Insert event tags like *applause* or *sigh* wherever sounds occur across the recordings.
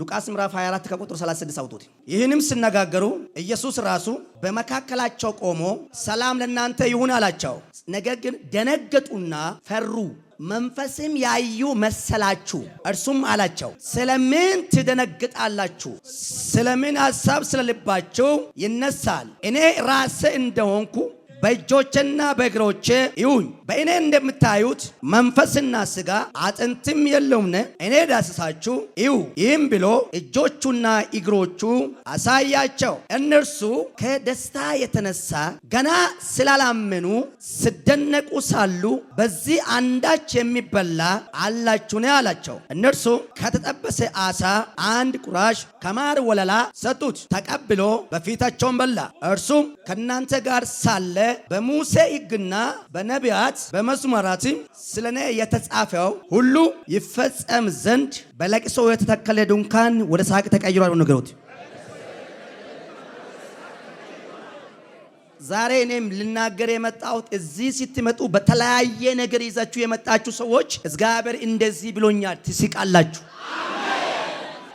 ሉቃስ ምዕራፍ 24 ከቁጥር 36 አውጡት። ይህንም ሲነጋገሩ ኢየሱስ ራሱ በመካከላቸው ቆሞ ሰላም ለእናንተ ይሁን አላቸው። ነገር ግን ደነገጡና ፈሩ፣ መንፈስም ያዩ መሰላችሁ። እርሱም አላቸው ስለምን ትደነግጣላችሁ? ስለምን ሐሳብ ስለልባችሁ ይነሳል? እኔ ራሴ እንደሆንኩ በእጆቼና በእግሮቼ ይሁኝ በእኔ እንደምታዩት መንፈስና ስጋ አጥንትም የለውም። እኔ ዳስሳችሁ እዩ። ይህም ብሎ እጆቹና እግሮቹ አሳያቸው። እነርሱ ከደስታ የተነሳ ገና ስላላመኑ ስደነቁ ሳሉ በዚህ አንዳች የሚበላ አላችሁን አላቸው። እነርሱ ከተጠበሰ አሳ አንድ ቁራሽ ከማር ወለላ ሰጡት። ተቀብሎ በፊታቸውን በላ። እርሱም ከእናንተ ጋር ሳለ በሙሴ ሕግና በነቢያት በመስመራትም ስለ እኔ የተጻፈው ሁሉ ይፈጸም ዘንድ በለቅሶ የተተከለ ድንኳን ወደ ሳቅ ተቀይሯል። ነገሮት ዛሬ እኔም ልናገር የመጣሁት እዚህ ስትመጡ በተለያየ ነገር ይዛችሁ የመጣችሁ ሰዎች እግዚአብሔር እንደዚህ ብሎኛል ትስቃላችሁ።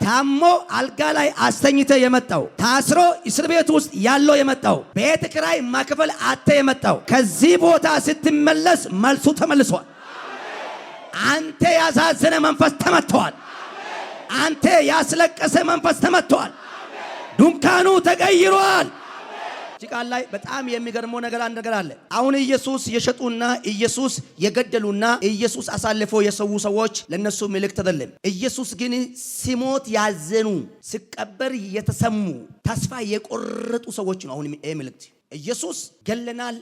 ታሞ አልጋ ላይ አስተኝተ የመጣው ታስሮ እስር ቤት ውስጥ ያለው የመጣው ቤት ክራይ ማክፈል አተ የመጣው ከዚህ ቦታ ስትመለስ መልሱ ተመልሷል። አንተ ያሳዘነ መንፈስ ተመትተዋል። አንተ ያስለቀሰ መንፈስ ተመትተዋል። ዱንካኑ ተቀይሯል። ጭቃን ላይ በጣም የሚገርመው ነገር አንድ ነገር አለ። አሁን ኢየሱስ የሸጡና ኢየሱስ የገደሉና ኢየሱስ አሳልፎ የሰው ሰዎች ለነሱ ምልክት አይደለም። ኢየሱስ ግን ሲሞት ያዘኑ፣ ሲቀበር የተሰሙ፣ ተስፋ የቆረጡ ሰዎች ነው። አሁን ይሄ ምልክት ኢየሱስ ገለናል፣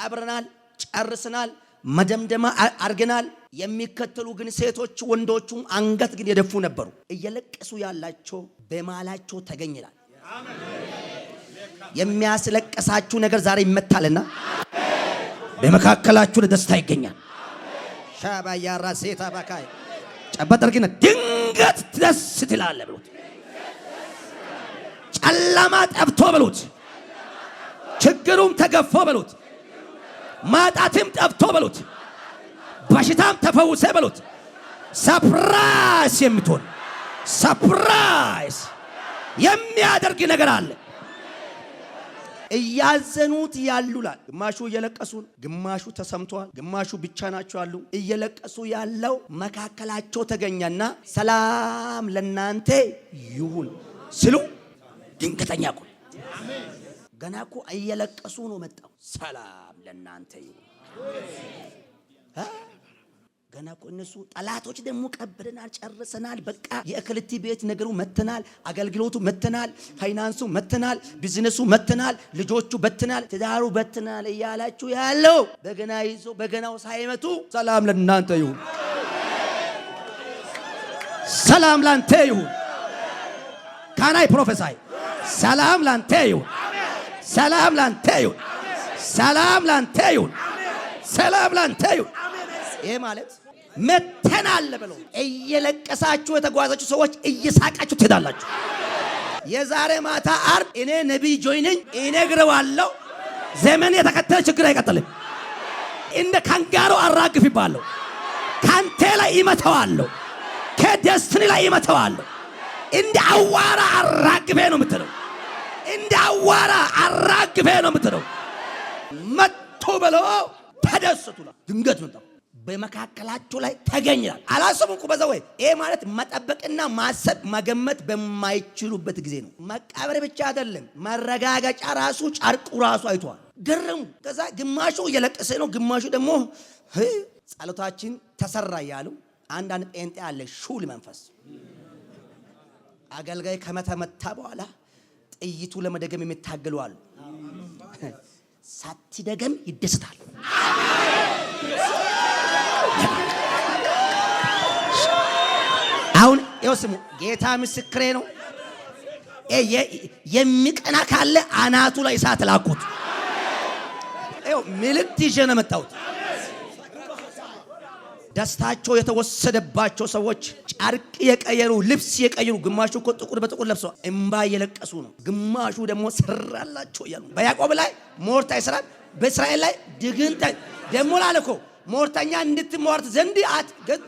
ቀብረናል፣ ጨርስናል፣ መደምደማ አድርገናል። የሚከተሉ ግን ሴቶች ወንዶቹም አንገት ግን የደፉ ነበሩ። እየለቀሱ ያላቸው በማላቸው ተገኝላል። የሚያስለቀሳችሁ ነገር ዛሬ ይመታልና በመካከላችሁ ለደስታ ይገኛል። ሻባያራ ሴታ ባካይ ጨበጥ ድንገት ደስ ትላለ ብሎት ጨለማ ጠብቶ ብሎት ችግሩም ተገፎ ብሎት ማጣትም ጠብቶ ብሎት በሽታም ተፈውሰ ብሎት ሰፕራይስ የምትሆን ሰፕራይስ የሚያደርግ ነገር አለ። እያዘኑት ያሉላል። ግማሹ እየለቀሱ ነው፣ ግማሹ ተሰምተዋል፣ ግማሹ ብቻ ናቸው ያሉ። እየለቀሱ ያለው መካከላቸው ተገኘና ሰላም ለናንተ ይሁን ስሉ ድንገተኛ እኮ ገና እኮ እየለቀሱ ነው መጣው። ሰላም ለናንተ ይሁን ገና እኮ እነሱ ጠላቶች ደግሞ ቀብረናል፣ ጨርሰናል፣ በቃ የእክልቲ ቤት ነገሩ መተናል፣ አገልግሎቱ መተናል፣ ፋይናንሱ መተናል፣ ቢዝነሱ መተናል፣ ልጆቹ በትናል፣ ትዳሩ በትናል እያላችሁ ያለው በገና ይዞ በገናው ሳይመቱ ሰላም ለእናንተ ይሁን፣ ሰላም ላንተ ይሁን። ካናይ ፕሮፌሳይ ሰላም ላንተ ይሁን፣ ሰላም ላንተ ይሁን፣ ሰላም ላንተ ይሁን፣ ሰላም ላንተ ይሁን። ይሄ ማለት መተናል ብሎ እየለቀሳችሁ የተጓዛችሁ ሰዎች እየሳቃችሁ ትሄዳላችሁ። የዛሬ ማታ አርብ እኔ ነቢይ ጆይነኝ እነግረዋለሁ። ዘመን የተከተለ ችግር አይቀጥልም። እንደ ካንጋሮ አራግፍ ይባለሁ። ካንቴ ላይ ይመተዋለሁ። ከደስትኒ ላይ ይመተዋለሁ። እንደ አዋራ አራግፌ ነው የምትለው። እንደ አዋራ አራግፌ ነው የምትለው። መጥቶ ብለው ተደስቱላ ድንገት መጣ። በመካከላችሁ ላይ ተገኝላል ይላል። አላሰቡም እኮ በዛ ወይ ይሄ ማለት መጠበቅና ማሰብ መገመት በማይችሉበት ጊዜ ነው። መቃብር ብቻ አይደለም መረጋገጫ ራሱ ጨርቁ ራሱ አይቷል። ገረሙ። ከዛ ግማሹ እየለቀሰ ነው፣ ግማሹ ደግሞ ጸሎታችን ተሰራ እያሉ አንዳንድ ጴንጤ አለ ሹል መንፈስ አገልጋይ ከመተመታ በኋላ ጥይቱ ለመደገም የሚታገሉ አሉ። ሳትደገም ይደስታል። አሁን ይኸው ስሙ፣ ጌታ ምስክሬ ነው። የሚቀና ካለ አናቱ ላይ እሳት ላኩት። ምልክት ይዤ ነው የመጣሁት። ደስታቸው የተወሰደባቸው ሰዎች ጨርቅ የቀየሩ ልብስ የቀየሩ ግማሹ እኮ ጥቁር በጥቁር ለብሰዋል፣ እምባ እየለቀሱ ነው። ግማሹ ደግሞ ሰራላቸው እያሉ በያዕቆብ ላይ ሞርታ ይሰራል፣ በእስራኤል ላይ ድግንታ ደግሞ ላለኮ ሞርተኛ እንድትሟርት ዘንድ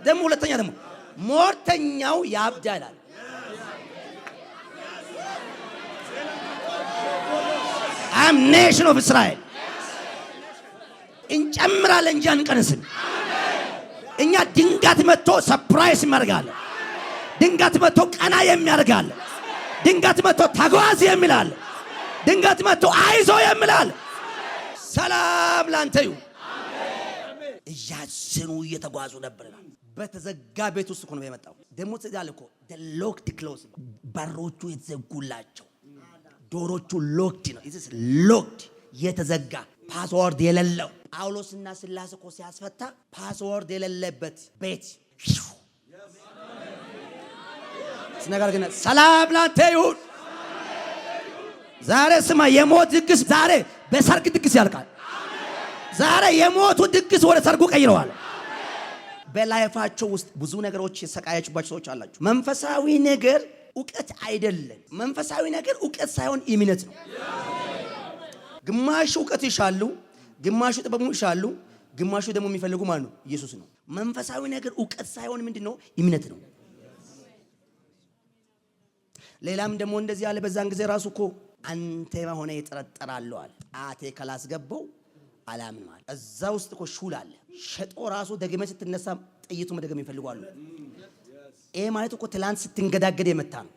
ደግሞ ሁለተኛ ደግሞ ሞርተኛው ያብዳላል። አም ኔሽን ኦፍ እስራኤል እንጨምራለን እንጂ አንቀንስም። እኛ ድንጋት መጥቶ ሰፕራይስ የሚያደርጋለን። ድንጋት መጥቶ ቀና የሚያደርጋለን። ድንጋት መጥቶ ተጓዝ የሚላል። ድንጋት መጥቶ አይዞ የሚላል። ሰላም ላንተ ይሁን። እያዘኑ እየተጓዙ ነበር በተዘጋ ቤት ውስጥ ነው የመጣው። ደግሞ ትዳል እኮ ሎክድ ክሎዝ፣ በሮቹ የተዘጉላቸው ዶሮቹ ሎክድ ነው። ኢትስ ሎክድ የተዘጋ ፓስወርድ የሌለው ጳውሎስና ስላሴ እኮ ሲያስፈታ ፓስወርድ የሌለበት ቤት ነገር ግን ሰላም ላንተ ይሁን። ዛሬ ስማ፣ የሞት ድግስ ዛሬ በሰርግ ድግስ ያልቃል። ዛሬ የሞቱ ድግስ ወደ ሰርጉ ቀይረዋል። በላይፋቸው ውስጥ ብዙ ነገሮች የሰቃያችባቸው ሰዎች አላችሁ። መንፈሳዊ ነገር እውቀት አይደለም። መንፈሳዊ ነገር እውቀት ሳይሆን እምነት ነው። ግማሹ እውቀት ይሻሉ፣ ግማሹ ጥበቡ ይሻሉ፣ ግማሹ ደግሞ የሚፈልጉ ማለት ነው ኢየሱስ ነው። መንፈሳዊ ነገር እውቀት ሳይሆን ምንድን ነው? እምነት ነው። ሌላም ደግሞ እንደዚህ ያለ በዛን ጊዜ ራሱ እኮ አንቴማ ሆነ የጠረጠራለዋል ጣቴ ካላስገባው አላምን ማለት እዛ ውስጥ እኮ ሹል አለ። ሸጦ ራሱ ደግመ ስትነሳ ጥይቱ መደገም ይፈልጓሉ። ይሄ ማለት እኮ ትላንት ስትንገዳገድ የመታ ነው።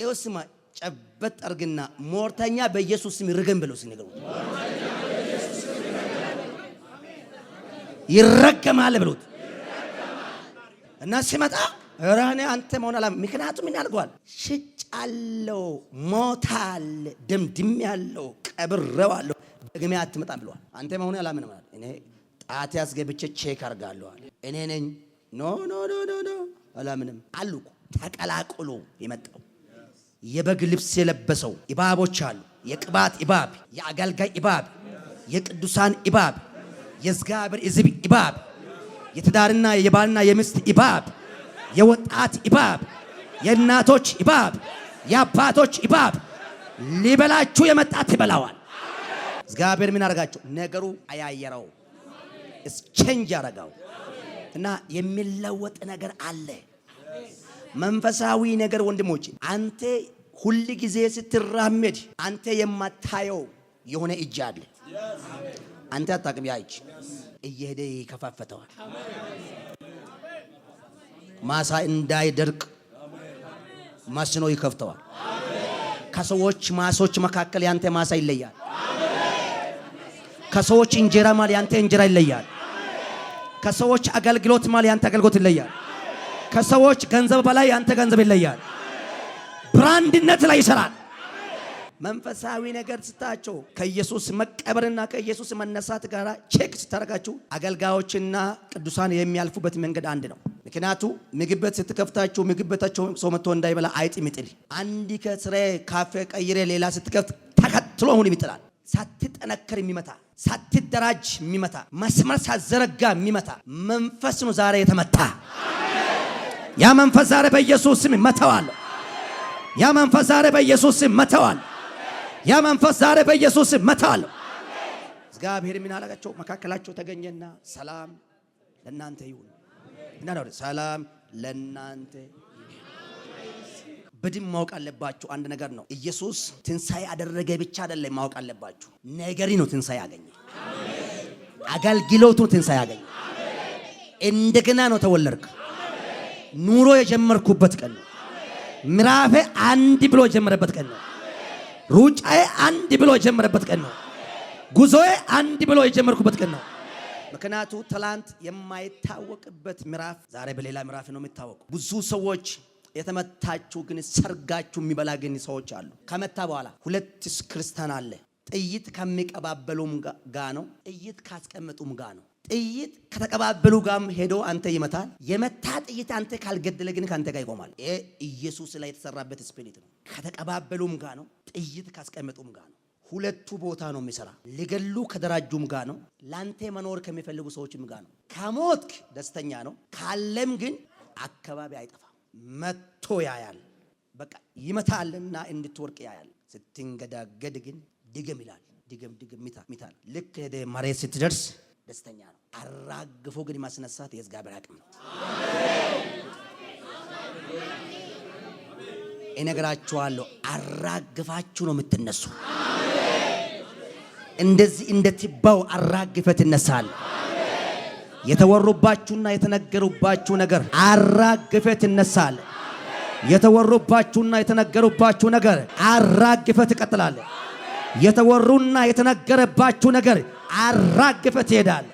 ይኸው ስማ፣ ጨበጥ አርግና ሞርተኛ በኢየሱስ ስም ይርገም ብለው ሲነገሩ ይረገማል ብሎት እና ሲመጣ ራኔ አንተ መሆን አላ ምክንያቱም ምን ያልገዋል ሽጫለው፣ ሞታል፣ ደምድሜ ያለው ቀብሬዋለሁ እግሜ አትመጣም ብለዋል። አንተ መሆኑ አላምንም አለ። እኔ ጣት ያስገብቼ ቼክ አርጋለሁ አለ። እኔ ነኝ ኖ ኖ ኖ ኖ ኖ አላምንም አሉ። ተቀላቅሎ የመጣው የበግ ልብስ የለበሰው እባቦች አሉ። የቅባት እባብ፣ የአገልጋይ እባብ፣ የቅዱሳን እባብ፣ የዝጋብር እዝብ እባብ፣ የትዳርና የባልና የምስት እባብ፣ የወጣት እባብ፣ የእናቶች እባብ፣ የአባቶች እባብ ሊበላችሁ የመጣት ይበላዋል። እግዚአብሔር ምን አደረጋቸው? ነገሩ አያየረው እስቼንጅ አደረገው እና የሚለወጥ ነገር አለ። መንፈሳዊ ነገር ወንድሞች፣ አንተ ሁል ጊዜ ስትራመድ አንተ የማታየው የሆነ እጅ አለ። አንተ አታቅም። ያ እጅ እየሄደ ይከፋፈተዋል። ማሳ እንዳይደርቅ መስኖ ይከፍተዋል። ከሰዎች ማሶች መካከል ያንተ ማሳ ይለያል። ከሰዎች እንጀራ ማል ያንተ እንጀራ ይለያል። ከሰዎች አገልግሎት ማል ያንተ አገልግሎት ይለያል። ከሰዎች ገንዘብ በላይ ያንተ ገንዘብ ይለያል። ብራንድነት ላይ ይሰራል። መንፈሳዊ ነገር ስታቸው ከኢየሱስ መቀበርና ከኢየሱስ መነሳት ጋር ቼክ ስታደርጋችሁ አገልጋዮችና ቅዱሳን የሚያልፉበት መንገድ አንድ ነው። ምክንያቱ ምግብ ቤት ስትከፍታችሁ ምግብ ቤታቸው ሰው መጥቶ እንዳይበላ አይጥ ይጥል። አንድ ከስሬ ካፌ ቀይሬ ሌላ ስትከፍት ተከትሎ ሁን ይጥላል። ሳትጠነክር የሚመታ ሳትደራጅ የሚመታ መስመር ሳዘረጋ የሚመታ መንፈስ ነው ዛሬ የተመታ። ያ መንፈስ ዛሬ በኢየሱስ ስም መተዋል። ያ መንፈስ ዛሬ በኢየሱስ ስም መተዋል። ያ መንፈስ ዛሬ በኢየሱስ ስም መተዋል። እግዚአብሔር ምን አላቸው? መካከላቸው ተገኘና ሰላም ለእናንተ ይሁን እና ሰላም ለእናንተ በድም ማወቅ አለባችሁ። አንድ ነገር ነው። ኢየሱስ ትንሣኤ አደረገ ብቻ አይደለም ማወቅ አለባችሁ። ነገሪ ነው ትንሣኤ ያገኘ፣ አገልግሎቱ ትንሣኤ ያገኘ፣ እንደገና ነው ተወለድክ። ኑሮ የጀመርኩበት ቀን ነው። ምዕራፌ አንድ ብሎ የጀመረበት ቀን ነው። ሩጫዬ አንድ ብሎ የጀመረበት ቀን ነው። ጉዞዬ አንድ ብሎ የጀመርኩበት ቀን ነው። ምክንያቱ ትላንት የማይታወቅበት ምዕራፍ ዛሬ በሌላ ምዕራፍ ነው የሚታወቁ ብዙ ሰዎች የተመታችሁ ግን ሰርጋችሁ የሚበላ ግን ሰዎች አሉ። ከመታ በኋላ ሁለት ክርስቲያን አለ። ጥይት ከሚቀባበሉም ጋ ነው። ጥይት ካስቀመጡም ጋ ነው። ጥይት ከተቀባበሉ ጋም ሄዶ አንተ ይመታል። የመታ ጥይት አንተ ካልገደለ ግን ከአንተ ጋር ይቆማል። ይሄ ኢየሱስ ላይ የተሰራበት ስፒሪት ነው። ከተቀባበሉም ጋ ነው። ጥይት ካስቀመጡም ጋ ነው። ሁለቱ ቦታ ነው የሚሰራ። ሊገሉ ከደራጁም ጋ ነው። ለአንተ መኖር ከሚፈልጉ ሰዎችም ጋ ነው። ከሞትክ ደስተኛ ነው፣ ካለም ግን አካባቢ አይጠፋም። መቶ ያያል። በቃ ይመታልና እንድትወርቅ ያያል። ስትንገዳገድ ግን ድገም ይላል። ድገም ድገም ሚታል። ልክ ሄደ መሬት ስትደርስ ደስተኛ ነው። አራግፎ ግን ማስነሳት የእግዚአብሔር አቅም ነው። እነግራችኋለሁ፣ አራግፋችሁ ነው የምትነሱ። እንደዚህ እንደትባው አራግፈ ትነሳል። የተወሩባችሁና የተነገሩባችሁ ነገር አራግፈት ይነሳል። የተወሩባችሁና የተነገሩባችሁ ነገር አራግፈት ይቀጥላል። የተወሩና የተነገረባችሁ ነገር አራግፈት ይሄዳል።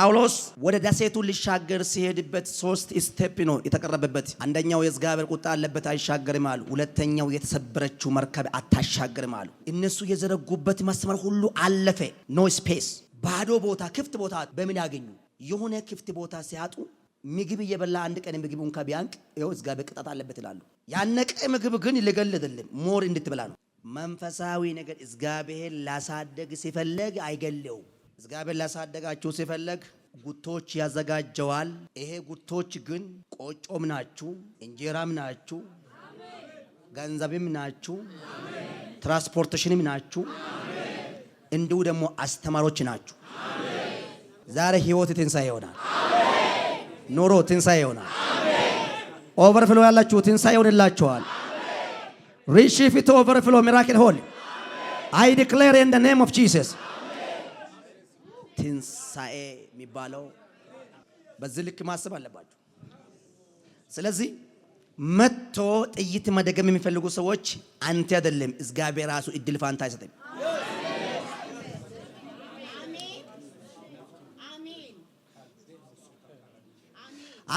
ጳውሎስ ወደ ደሴቱ ሊሻገር ሲሄድበት ሶስት ስቴፕ ነው የተቀረበበት። አንደኛው የእግዚአብሔር ቁጣ አለበት አይሻገርም አሉ። ሁለተኛው የተሰበረችው መርከብ አታሻገርም አሉ። እነሱ የዘረጉበት መስመር ሁሉ አለፈ። ኖ ስፔስ ባዶ ቦታ ክፍት ቦታ በምን ያገኙ? የሆነ ክፍት ቦታ ሲያጡ ምግብ እየበላ አንድ ቀን ምግብ እንኳ ቢያንቅ ይኸው እግዚአብሔር ቅጣት አለበት ይላሉ። ያነቀ ምግብ ግን ይገለጥልም ሞር እንድትበላ ነው። መንፈሳዊ ነገር እግዚአብሔር ላሳደግ ሲፈለግ አይገለው። እግዚአብሔር ላሳደጋችሁ ሲፈለግ ጉቶች ያዘጋጀዋል። ይሄ ጉቶች ግን ቆጮም ናችሁ፣ እንጀራም ናችሁ፣ ገንዘብም ናችሁ፣ ትራንስፖርቴሽንም ናችሁ። እንዲሁ ደግሞ አስተማሮች ናችሁ። ዛሬ ህይወት ትንሣኤ ይሆናል። ኑሮ ትንሣኤ ይሆናል። ኦቨርፍሎ ያላችሁ ትንሣኤ ይሆንላችኋል። ሪሺፍ ኢት ኦቨርፍሎ ሚራክል ሆሊ አይ ዲክሌር ኢን ዘ ኔም ኦፍ ጂሰስ። ትንሣኤ የሚባለው በዚህ ልክ ማሰብ አለባችሁ። ስለዚህ መጥቶ ጥይት መደገም የሚፈልጉ ሰዎች አንተ አይደለም፣ እግዚአብሔር ራሱ እድል ፋንታ አይሰጥም።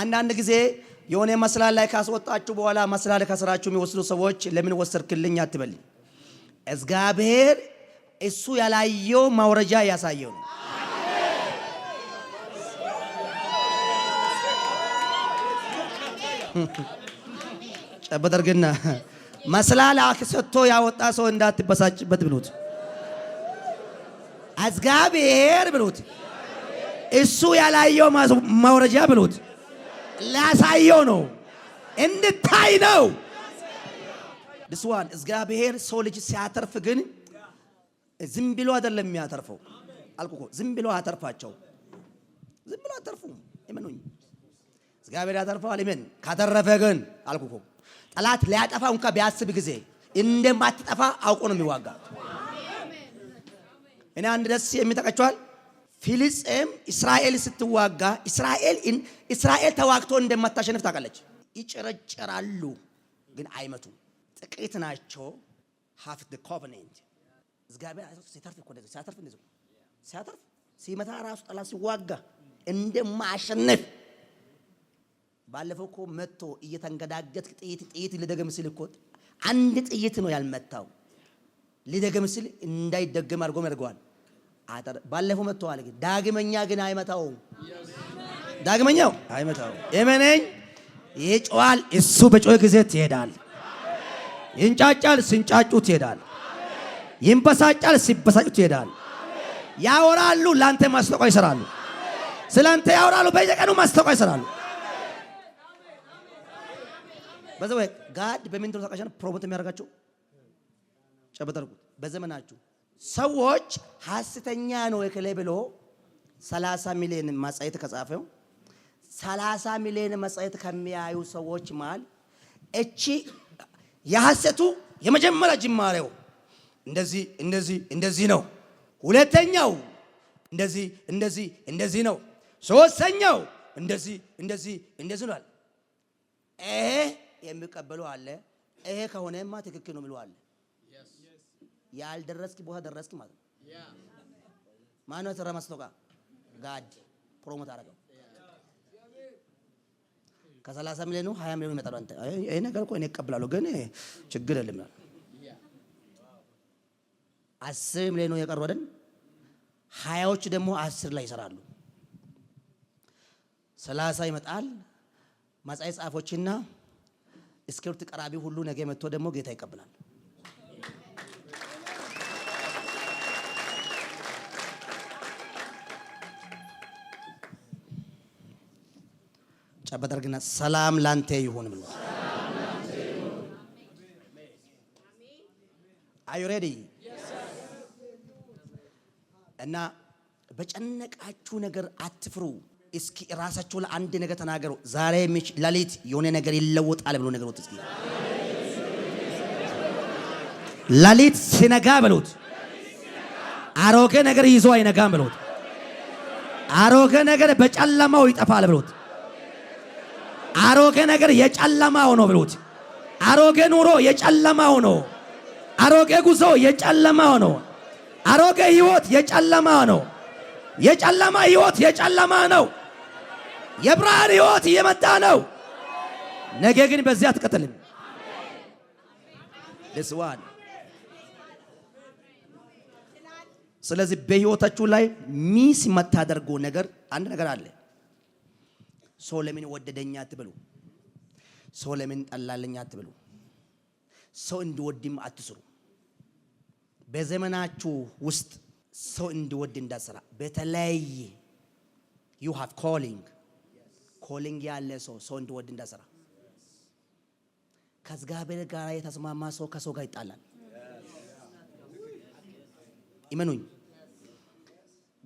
አንዳንድ ጊዜ የሆነ መስላል ላይ ካስወጣችሁ በኋላ መስላል ከስራችሁ የሚወስዱ ሰዎች ለምን ወሰድክልኝ አትበልኝ። እግዚአብሔር እሱ ያላየው ማውረጃ ያሳየው ነው። ጨበጠርግና መስላል ሰጥቶ ያወጣ ሰው እንዳትበሳጭበት ብሉት። እግዚአብሔር ብሉት፣ እሱ ያላየው ማውረጃ ብሉት ላሳየው ነው፣ እንድታይ ነው። ድስዋን እግዚአብሔር ሰው ልጅ ሲያተርፍ ግን ዝም ብሎ አይደለም የሚያተርፈው። አልኩ ዝም ብሎ አያተርፋቸው፣ ዝም ብሎ አያተርፉም። እመኑኝ፣ እግዚአብሔር ያተርፈዋል። እመን ካተረፈ ግን አልኩ እኮ ጠላት ሊያጠፋ እንኳ ቢያስብ ጊዜ እንደማትጠፋ አውቆ ነው የሚዋጋ። እኔ አንድ ደስ የሚጠቀቸዋል ፊልስጤም እስራኤል ስትዋጋ እስራኤል ተዋግቶ እንደማታሸንፍ ታውቃለች። ይጨረጨራሉ፣ ግን አይመቱ ጥቂት ናቸው። ሀፍ ደ ኮቨኔንት እግዚአብሔር ሲተርፍ እኮ እንደዚህ ሲያተርፍ እንደዚህ ሲያተርፍ ሲመታ ራሱ ጠላት ሲዋጋ እንደማያሸንፍ ባለፈው እኮ መጥቶ እየተንገዳገጥ ጥይት ጥይት ልደገም ስል እኮ አንድ ጥይት ነው ያልመታው። ልደገም ስል እንዳይደገም አድርጎ ያደርገዋል። ባለፈው መጥተዋል፣ ግን ዳግመኛ ግን አይመታውም። ዳግመኛው አይመታውም። እመነኝ፣ ይጮሃል። እሱ በጮህ ጊዜ ትሄዳል። ይንጫጫል፣ ሲንጫጩ ትሄዳል። ይንበሳጫል፣ ሲበሳጩ ትሄዳል። ያወራሉ፣ ለአንተ ማስታወቂያ ይሰራሉ። ስለአንተ ያወራሉ፣ በየቀኑ ማስታወቂያ ይሰራሉ። በዘ ጋድ በሚንትሮ ታቃሻን ፕሮሞት የሚያደርጋቸው ጨበጠርኩት በዘመናችሁ ሰዎች ሀስተኛ ነው የክሌ ብሎ 30 ሚሊዮን መጽሔት ከጻፈው 30 ሚሊዮን መጽሔት ከሚያዩ ሰዎች መሃል እቺ የሐሰቱ የመጀመሪያ ጅማሬው እንደዚህ እንደዚህ እንደዚህ ነው። ሁለተኛው እንደዚህ እንደዚህ እንደዚህ ነው። ሶስተኛው እንደዚህ እንደዚህ እንደዚህ ነው። ይሄ የሚቀበሉ አለ። ይሄ ከሆነማ ትክክል ነው ብሎ ያልደረስክ ቦታ ደረስክ ማለት ነው። ማነው የሰራ ማስታወቃ? ጋድ ፕሮሞት አደረገው። ከሰላሳ ነው ሀያ ሚሊዮን ይመጣሉ። አንተ ይሄ ነገር እኮ እኔ እቀብላለሁ፣ ግን ችግር የለም ይላል። አስር ነው የቀሩ አይደል? ሀያዎች ደግሞ አስር ላይ ይሰራሉ። ሰላሳ ይመጣል። መጻኢ ጻፎችና ስክሪፕት ቀራቢ ሁሉ ነገ መጥቶ ደግሞ ጌታ ይቀብላል። ጨበጥ ሰላም ላንተ ይሁን ብሎ አዩ ሬዲ እና በጨነቃችሁ ነገር አትፍሩ። እስኪ ራሳችሁ ለአንድ ነገር ተናገሩ። ዛሬ ለሊት የሆነ ነገር ይለወጣል ብሎ ነገሩት። እስኪ ለሊት ሲነጋ ብሎት አሮጌ ነገር ይዞ አይነጋም ብሎት አሮጌ ነገር በጨለማው ይጠፋል ብሎት አሮጌ ነገር የጨለማው ነው ብሉት። አሮጌ ኑሮ የጨለማው ነው። አሮጌ ጉዞ የጨለማው ነው። አሮጌ ህይወት የጨለማ ነው። የጨለማ ህይወት የጨለማ ነው። የብርሃን ህይወት እየመጣ ነው። ነገ ግን በዚህ አትቀጥልም። ስዋን ስለዚህ በህይወታችሁ ላይ ሚስ የምታደርገው ነገር አንድ ነገር አለ። ሰው ለምን ወደደኛ አትበሉ። ሰው ለምን ጠላለኛ አትበሉ። ሰው እንዲወድም አትስሩ። በዘመናችሁ ውስጥ ሰው እንዲወድ እንዳትሰራ። በተለያየ ዩ ሃቭ ኮሊንግ ኮሊንግ ያለ ሰው ሰው እንዲወድ እንዳትሰራ። ከእግዚአብሔር ጋር የተስማማ ሰው ከሰው ጋር ይጣላል። ይመኑኝ።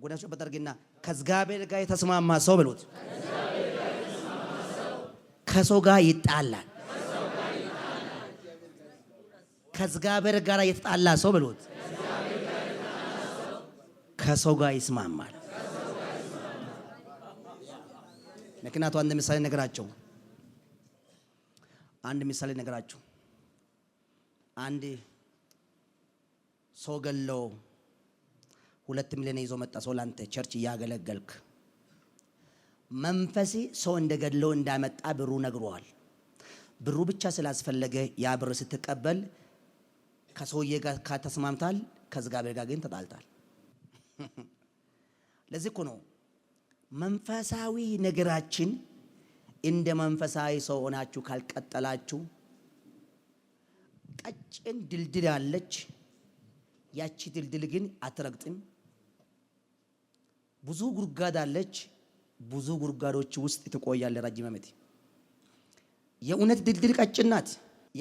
ጎዳቸው በጠርግና ከእግዚአብሔር ጋር የተስማማ ሰው ብሎት ከሰው ጋር ይጣላል። ከእግዚአብሔር ጋር የተጣላ ሰው ብሎት ከሰው ጋር ይስማማል። ምክንያቱ አንድ ምሳሌ ነገራቸው አንድ ምሳሌ ነገራቸው አንድ ሰው ገለው ሁለት ሚሊዮን ይዞ መጣ። ሰው ላንተ ቸርች እያገለገልክ መንፈሴ ሰው እንደገድለው እንዳመጣ ብሩ ነግሯል። ብሩ ብቻ ስላስፈለገ ያ ብር ስትቀበል ከሰውዬ ጋር ተስማምታል፣ ከእግዚአብሔር ጋር ግን ተጣልታል። *laughs* ለዚህ እኮ ነው መንፈሳዊ ነገራችን እንደ መንፈሳዊ ሰው ሆናችሁ ካልቀጠላችሁ ቀጭን ድልድል አለች። ያቺ ድልድል ግን አትረግጥም። ብዙ ጉድጓድ አለች። ብዙ ጉድጓዶች ውስጥ ትቆያለ ረጅም ዓመት። የእውነት ድልድል ቀጭን ናት።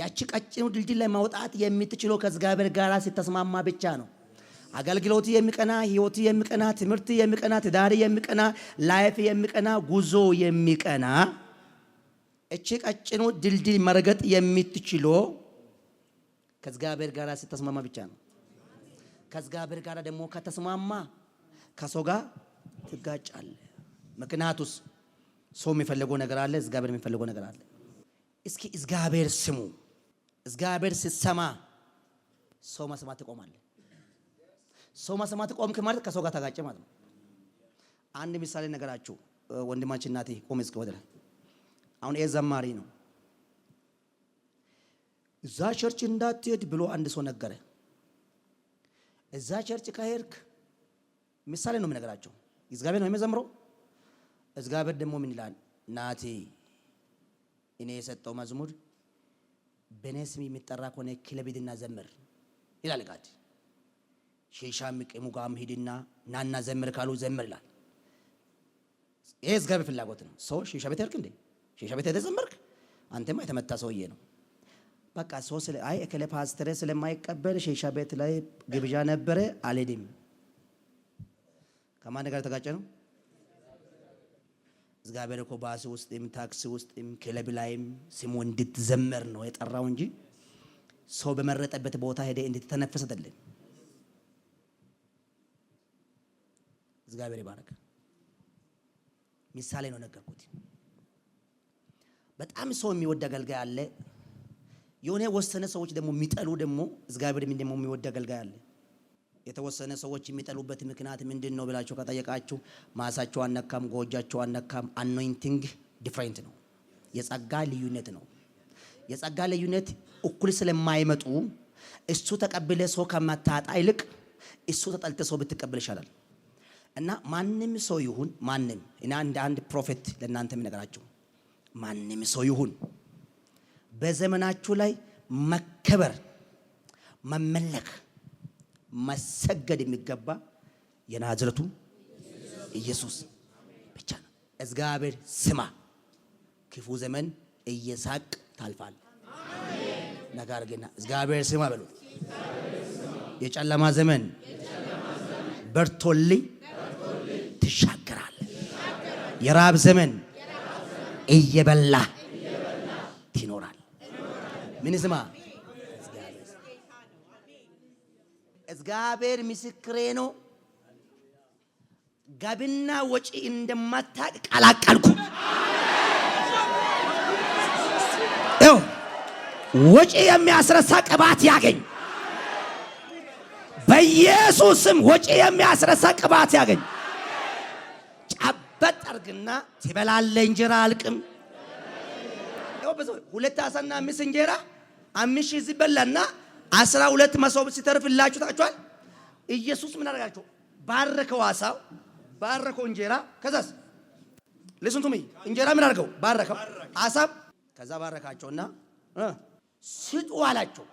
ያቺ ቀጭኑ ድልድል ላይ ማውጣት የምትችለው ከእግዚአብሔር ጋር ስተስማማ ብቻ ነው። አገልግሎት የሚቀና ህይወት የሚቀና ትምህርት የሚቀና ትዳር የሚቀና ላይፍ የሚቀና ጉዞ የሚቀና እቺ ቀጭኑ ድልድል መረገጥ የምትችሎ ከእግዚአብሔር ጋር ስተስማማ ብቻ ነው። ከእግዚአብሔር ጋር ደግሞ ከተስማማ ከሰው ጋር ምክንያቱ ሰው የሚፈልገው ነገር አለ፣ እግዚአብሔር የሚፈልገው ነገር አለ። እስኪ እግዚአብሔር ስሙ። እግዚአብሔር ስትሰማ ሰው መስማት ትቆማለ። ሰው መስማት ቆምክ ማለት ከሰው ጋር ተጋጨ ማለት ነው። አንድ ምሳሌ ነገራችሁ ወንድማችን እናቴ ቆም እስከ ወደ አሁን ይሄ ዘማሪ ነው። እዛ ቸርች እንዳትሄድ ብሎ አንድ ሰው ነገረ። እዛ ቸርች ከሄድክ ምሳሌ ነው የምነገራቸው። እግዚአብሔር ነው የሚዘምረው እግዚአብሔር ደግሞ ምን ይላል? ናቲ እኔ የሰጠው መዝሙር በእኔ ስም የሚጠራ ከሆነ ክለቢድና ዘምር ይላል ቃል። ሺሻም ቅሙ ጋም ሂድና ናና ዘምር ካሉ ዘምር ይላል። ይሄ እግዚአብሔር ፍላጎት ነው። ሰው ሺሻ ቤት ሄድክ እንዴ? ሺሻ ቤት ሄደህ አንተማ የተመታ ሰውዬ ነው። በቃ ሰው ስለ አይ እከሌ ፓስተር ስለማይቀበል ሺሻ ቤት ላይ ግብዣ ነበረ አልሄድም። ከማን ጋር ተጋጨ ነው? እግዚአብሔር እኮ ባስ ውስጥም ታክሲ ውስጥም ክለብ ላይም ስሙ እንድትዘመር ነው የጠራው እንጂ ሰው በመረጠበት ቦታ ሄደ እንድትተነፈስ አይደለም። እግዚአብሔር ይባረክ። ምሳሌ ነው ነገርኩት። በጣም ሰው የሚወድ አገልጋይ አለ። የሆነ ወሰነ ሰዎች ደግሞ የሚጠሉ ደግሞ እግዚአብሔር ደግሞ የሚወድ አገልጋይ አለ። የተወሰነ ሰዎች የሚጠሉበት ምክንያት ምንድን ነው ብላችሁ ከጠየቃችሁ ማሳቸው አነካም፣ ጎጃቸው አነካም። አኖይንቲንግ ዲፍረንት ነው። የጸጋ ልዩነት ነው። የጸጋ ልዩነት እኩል ስለማይመጡ እሱ ተቀብለ ሰው ከመታጣ ይልቅ እሱ ተጠልተ ሰው ብትቀበል ይሻላል። እና ማንም ሰው ይሁን ማንም እና እንደ አንድ ፕሮፌት ለእናንተ የምነግራችሁ ማንም ሰው ይሁን በዘመናችሁ ላይ መከበር መመለክ መሰገድ የሚገባ የናዝረቱ ኢየሱስ ብቻ ነው። እግዚአብሔር ስማ፣ ክፉ ዘመን እየሳቅ ታልፋል። ነገር ግን እግዚአብሔር ስማ በሉት። የጨለማ ዘመን በርቶልኝ ትሻገራል። የራብ ዘመን እየበላ ትኖራል። ምን ስማ እግዚአብሔር ምስክሬ ነው። ገቢና ወጪ እንደማታቅ ቀላቀልኩ። ወጪ የሚያስረሳ ቅባት ያገኝ። በኢየሱስም ወጪ የሚያስረሳ ቅባት ያገኝ። ጨበጥ አርግና ትበላለ። እንጀራ አልቅም። ሁለት አሳና አምስት እንጀራ አምስት ሺህ ዝበላና አስራ ሁለት መሶብ ሲተርፍላችሁ ታችኋል። ኢየሱስ ምን አደረጋቸው? ባረከው አሳ፣ ባረከው እንጀራ። ከዛስ ልስንቱ እንጀራ ምን አድርገው ባረከው አሳብ። ከዛ ባረካቸውና ስጡ አላቸው።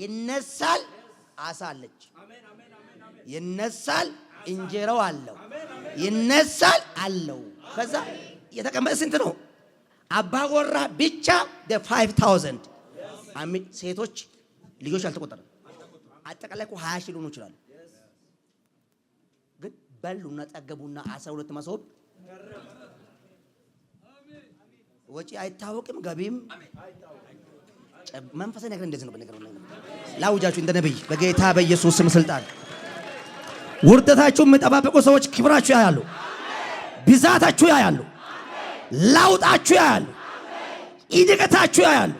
ይነሳል፣ አሳ አለች። ይነሳል፣ እንጀራው አለው። ይነሳል አለው። ከዛ የተቀመጠ ስንት ነው? አባጎራ ብቻ ፋይቭ ታውዘንድ ሴቶች ልጆች አልተቆጠረም። አጠቃላይ እኮ ሀያ ሺህ ሊሆኑ ይችላሉ። ግን በሉና ጠገቡና አስራ ሁለት መሶብ ወጪ አይታወቅም፣ ገቢም መንፈሳዊ ነገር እንደዚህ ነው። በነገር ላውጃችሁ እንደ ነብይ በጌታ በኢየሱስ ስም ስልጣን ውርደታችሁ የምጠባበቁ ሰዎች ክብራችሁ ያያሉ፣ ብዛታችሁ ያያሉ፣ ለውጣችሁ ያያሉ፣ እድገታችሁ ያያሉ።